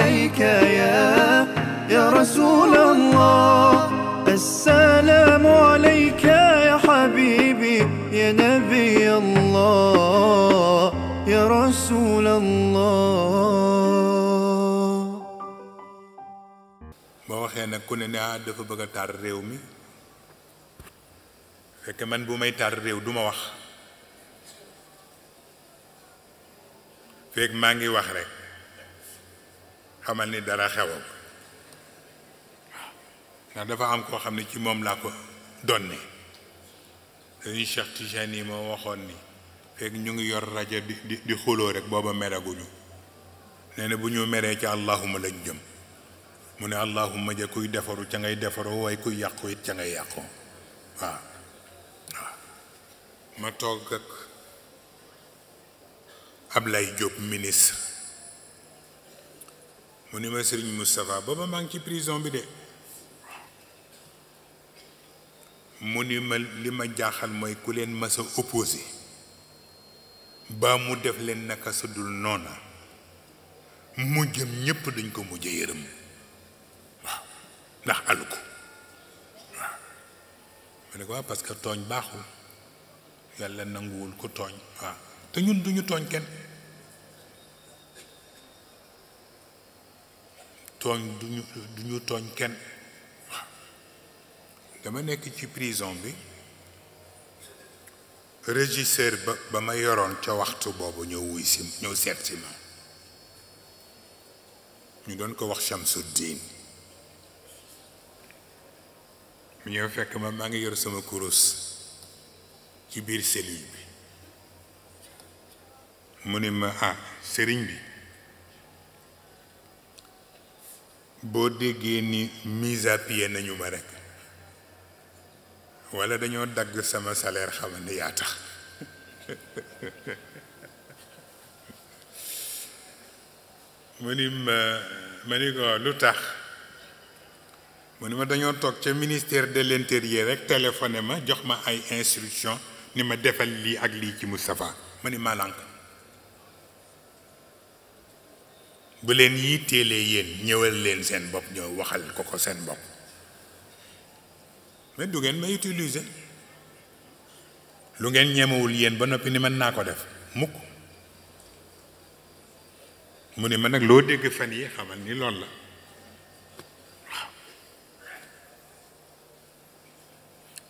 عليك يا يا رسول الله السلام عليك يا حبيبي يا نبي الله يا رسول الله ما وخي نكون نيا دافا بغا تار ريومي فك مان بوماي تار ريو دوما وخ فك ماغي وخ رك xamal ni dara xew waaw ndax dafa am koo xam ne ci moom laa ko donni dañuy Cheikh Tijaan yi ma waxoon ni fekk ñu ngi yor rajo di di di xuloo rek booba meraguñu nee na bu ñu meree ci allahuma lañ jëm mu ne allahuma ja kuy defaru ca ngay defaroo waaye kuy yàqu it ca ngay yàqu waaw waaw ma toog ak Ablaye Diop ministre mu ni ma sëriñ Moustapha booba maa ngi ci prison bi de mu ni ma li ma jaaxal mooy ku leen mës a opposé ba mu def leen naka sa dul noona mu jëm ñépp dañ ko mujj yërëm waaw ndax alu ko ma ne ko parce que tooñ baaxul yàlla nanguwul ko tooñ waaw te ñun duñu tooñ kenn tooñ duñu duñu tooñ kenn dama nekk ci prison bi régisseur ba ma yoroon ca waxtu boobu ñëw wuy si seet si ma ñu doon ko wax Chamsuddin mu ñëw fekk ma maa ngi yor sama kurus ci biir cellule bi mu ni ma ah sëriñ bi boo déggee ni mise à pied nañu ma rekk walla dañoo dagg sama salaire xamal yaa tax mu ni ma ma ni ko lu tax mu ni ma dañoo toog ca ministère de l'intérieur rekk téléphoné ma jox ma ay instruction ni ma defal lii ak lii ci Moustapha ma ni ma bu leen yitteelee yéen ñëwal leen seen bopp ñoo waxal ko ko seen bopp mais du ngeen ma utiliser lu ngeen ñemewul yéen ba noppi ni mën naa ko def mukk mu ne ma nag loo dégg fan yi xamal ni loolu la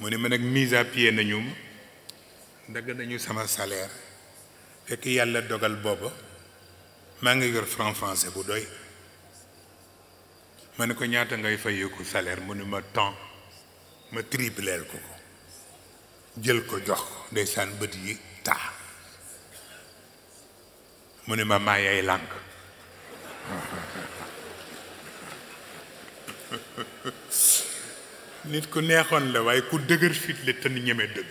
mu ne ma nag mise à pied nañu ma dagg nañu sama salaire fekk yàlla dogal booba maa ngi yor franc bu doy ma ne ko ñaata ngay fayeeku salaire mu ne ma temps ma tripleel ko jël ko jox ko ndeysaan bët yi taa mu ne ma maa yay lànk nit ku neexoon la waaye ku dëgër fit la te ñeme dëgg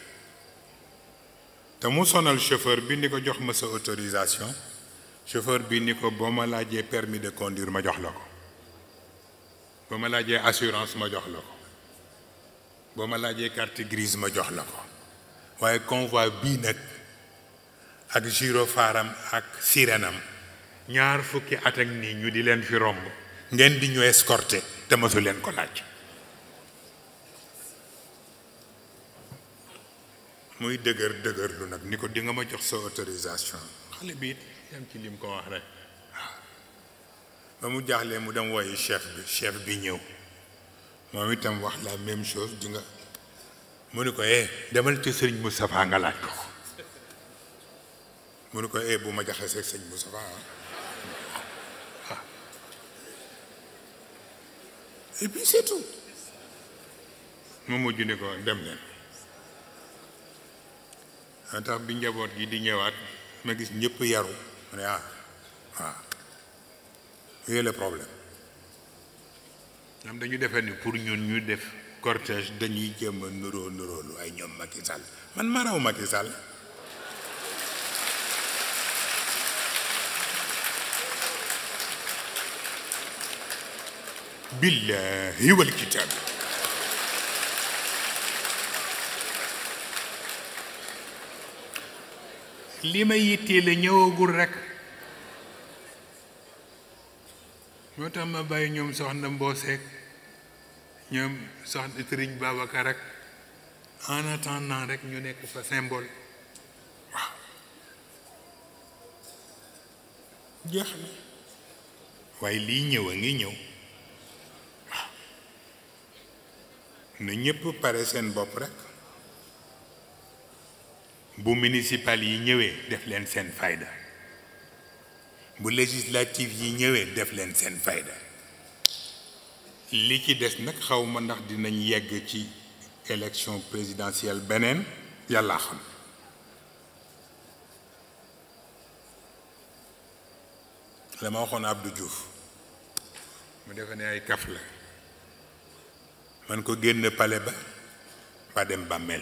te mu sonal chauffeur bi ni ko jox ma sa autorisation chauffeur bi ni ko boma ma laajee permis de conduire ma jox la ko boo assurance ma jox la ko boo carte grise ma jox la ko waaye convoi bii nag ak gyrophare-am ak sirène am ñaar fukki at ak nii ñu di leen fi romb ngeen di ñu escorté te masu leen ko laaj muy dëgër dëgër lu nag ni ko dinga ma jox sa autorisation xale bi it dem ci lim ko wax rek ba mu jaaxlee mu dem woyi chef bi chef bi ñëw moom itam wax la même chose di mu ne ko eh demal ci sëriñ Moustapha nga laaj ko mu ne ko eh bu ma jaxasee sëriñ Moustapha ah. et puis c'est tout mu mujj ne ko dem leen moo tax bi njaboot gi di ñëwaat ma gis ñëpp yaru ma ne ah waaw yooyu le problème ñoom dañu defee ni pour ñun ñu def cortège dañuy jéem a nuróo nuróolu ay ñoom Macky Sall man ma raw Macky Sall billaahi wal kitaab li may yittee la ñëwagul rekk moo tax ma bàyyi ñoom soxna mbooseek ñoom soxna sëriñ Babacar rek en attendant rek ñu nekk fa symbole waaw jeex na waaye lii ñëw a ngi ñëw waaw na ñëpp pare seen bopp rek bu municipal yi ñëwee def leen seen fayda bu législatif yi ñëwee def leen seen fayda li ci des nag xawma ma ndax dinañ yegg ci élection présidentielle beneen yàlla xam la ma waxoon Abdou Diouf mu defe ne ay kaf la man ko génn pale ba ba dem bàmmeel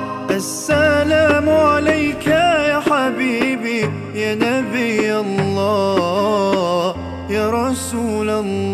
come